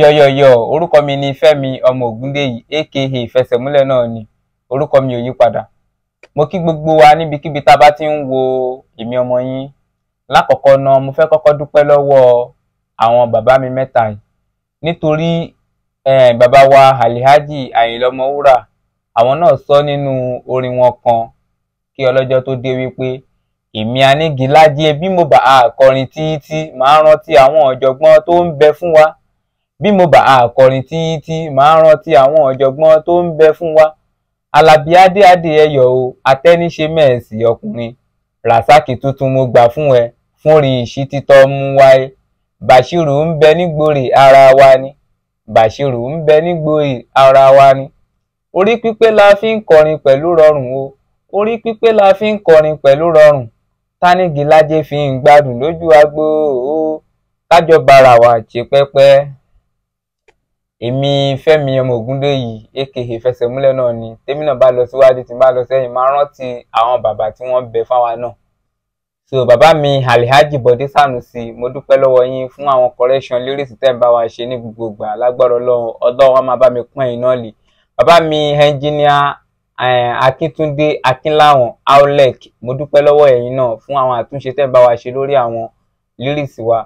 yọ̀yọ̀yọ̀ orúkọ mi ni fẹ́mi ọmọ ògúndèyí aka ìfẹsẹ̀múlẹ̀ náà ni orúkọ mi ò yí padà mo kí gbogbo wa níbikíbi tá a bá ti ń wo èmi ọmọ yín lákọ̀ọ́kọ́ náà mo fẹ́ kọ́kọ́ dúpẹ́ lọ́wọ́ àwọn bàbá mi mẹ́ta yìí nítorí bàbá wa alihaji Àyìnlá Ọmọwúrà àwọn náà sọ nínú orin wọn kan kí ọlọ́jọ́ tó dé wípé èmi anígilájẹ bí mo bá àkọrin títí máa rántí àwọn ọ̀jọ̀gbọ́n tó ń bẹ fún wa bí mo bá àkọrin títí màá rántí àwọn ọ̀jọ̀gbọ́n tó ń bẹ fún wa alábí adéadé ẹyọ o atẹ́níṣe mẹ́ẹ̀sì ọkùnrin rasaki tuntun mo gbà fún ẹ fúnri ìṣí títọ́ mú wáyé bashiru ń bẹ nígbòrè ara wa ni bashiru ń bẹ nígbòrè ara wa ni orí pípé la fi ń kọrin pẹ̀lú rọrùn o orí pípé la fi ń kọrin pẹ̀lú rọrùn tánígi lájẹ́ fi ń gbádùn lójú agbo o kájọ bára wa ṣe pẹ́pẹ́ èmi Fẹ́mi ọmọ Ògúndèyí aka Fẹsẹ̀múlẹ̀ náà ni tèmi náà bá lọ síwájú tí n bá lọ sẹ́yìn máa rántí àwọn bàbá tí wọ́n bẹ fáwa náà so bàbá mi Alhaji Bọ̀dé Sànùsì mo dúpẹ́ lọ́wọ́ yín fún àwọn correction lyrics tẹ́ ń bá wa ṣe ní gbogbo ìgbà lágbára Ọlọ́run Ọlọ́run á máa bá mi pọ́n ẹ̀yin náà lè bàbá mi ẹnjìníà eh, Akíntúndé Akínláwọn Aulek mo dúpẹ́ lọ́wọ́ ẹ̀yin náà fún àwọn àtúnṣe tẹ́ ń bá wa ṣe lórí àwọn lyrics wa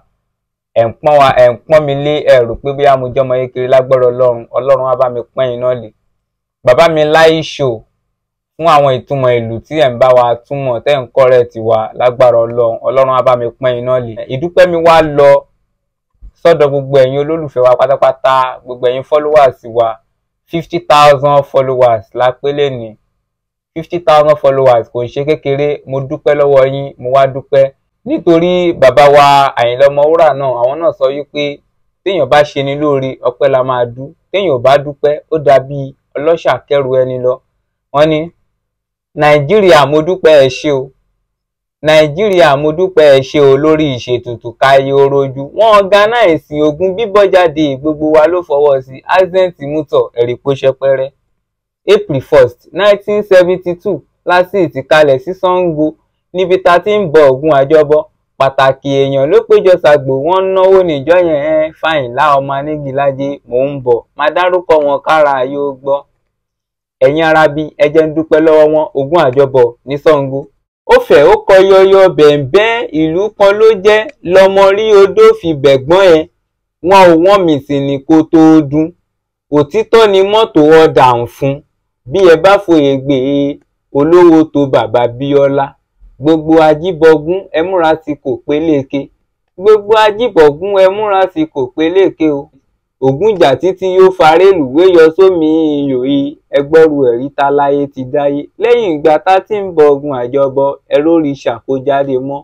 ẹ̀ wa ẹ̀ ń pọ́n mi lé ẹ̀ rò pé bóyá mo jọmọ yín kiri ọlọ́run ọlọ́run á bá mi pọ́n iná lè bàbá mi láì ṣò fún àwọn ìtumọ̀ ìlú tí ẹ̀ ń bá wa túmọ̀ tẹ́ ń kọ́ rẹ̀ tiwa lágbára ọlọ́run ọlọ́run á bá mi pọ́n iná lè ìdúpẹ́ mi wá lọ sọ́dọ̀ gbogbo ẹ̀yin olólùfẹ́ wa pátápátá gbogbo ẹ̀yin followers wa fifty thousand followers la pé lẹ́nìí fifty thousand followers kò ń ṣe kékeré mo dúpẹ́ lọ́wọ́ yín mo wá dúpẹ́ nítorí bàbá wa Àyìnlá náà àwọn náà sọ wípé téèyàn bá ṣe ni lóore ọpẹ́ la máa dú téèyàn bá dúpẹ́ ó dàbí ọlọ́ṣà kẹrù ẹni lọ wọ́n ní nàìjíríà mo dúpẹ́ ẹ ṣé o nàìjíríà mo dúpẹ́ ẹ ṣé o lórí ìṣètùtù káyé orojú wọ́n ọ̀gánáìsì ogun bíbọ́ jáde gbogbo wa ló fọwọ́ sí accent mútọ̀ ẹ̀rí pósẹpẹrẹ April 1st 1972 la sì ìtìkalẹ̀ sí Ṣàngó níbi tá a ti ń bọ ògùn àjọbọ pàtàkì èèyàn ló péjọ ṣàgbò wọn náwó níjọ yẹn ẹ fàyìnlá ọmọ anígilájé mò ń bọ má dárúkọ wọn kára yóò gbọ ẹ̀yin arábí ẹ jẹ́ ń dúpẹ́ lọ́wọ́ wọn ògùn àjọbọ ní Ṣàngó ó fẹ́ ó kọ yọyọ bẹ̀ǹbẹ́ ìlú kan ló jẹ́ lọmọ rí odó fi bẹ̀gbọ́n ẹ wọn ò wọ́n mì sí ni kó tóó dún òtítọ́ ni mọ́tò ọ̀dà ń fún bí ẹ bá fòye gbé e olówó tó bàbá Bíọ́lá gbogbo ajíbọ̀gún ẹ múra sí kò peléke gbogbo ajíbọ̀gún ẹ múra sí kò peléke o ògúnjà títí yóò farélùwé yọ sómi iyò yìí ẹgbọ́rú ẹ̀rí táláyé ti dáyé lẹ́yìn ìgbà tá ti ń bọ ogun àjọbọ ẹrórí ṣàkójáde mọ́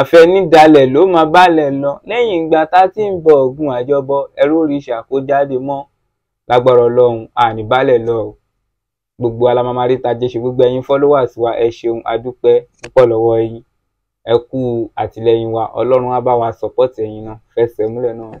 àfẹnidalẹ̀ ló máa balẹ̀ lọ lẹ́yìn ìgbà tá ń bọ ogun àjọbọ ẹrórí ṣàkójáde mọ́ lágbára Ọlọ́run àníbalẹ̀ lọ gbogbo alamamari tajẹ ṣe gbogbo ẹ̀yin followers wa ẹ ṣeun adúpẹ́ púpọ̀ lọ́wọ́ yín ẹ kú àtìlẹ́yìn wa Ọlọ́run á bá wa support ẹ̀yin náà fẹsẹ̀ múlẹ̀ náà.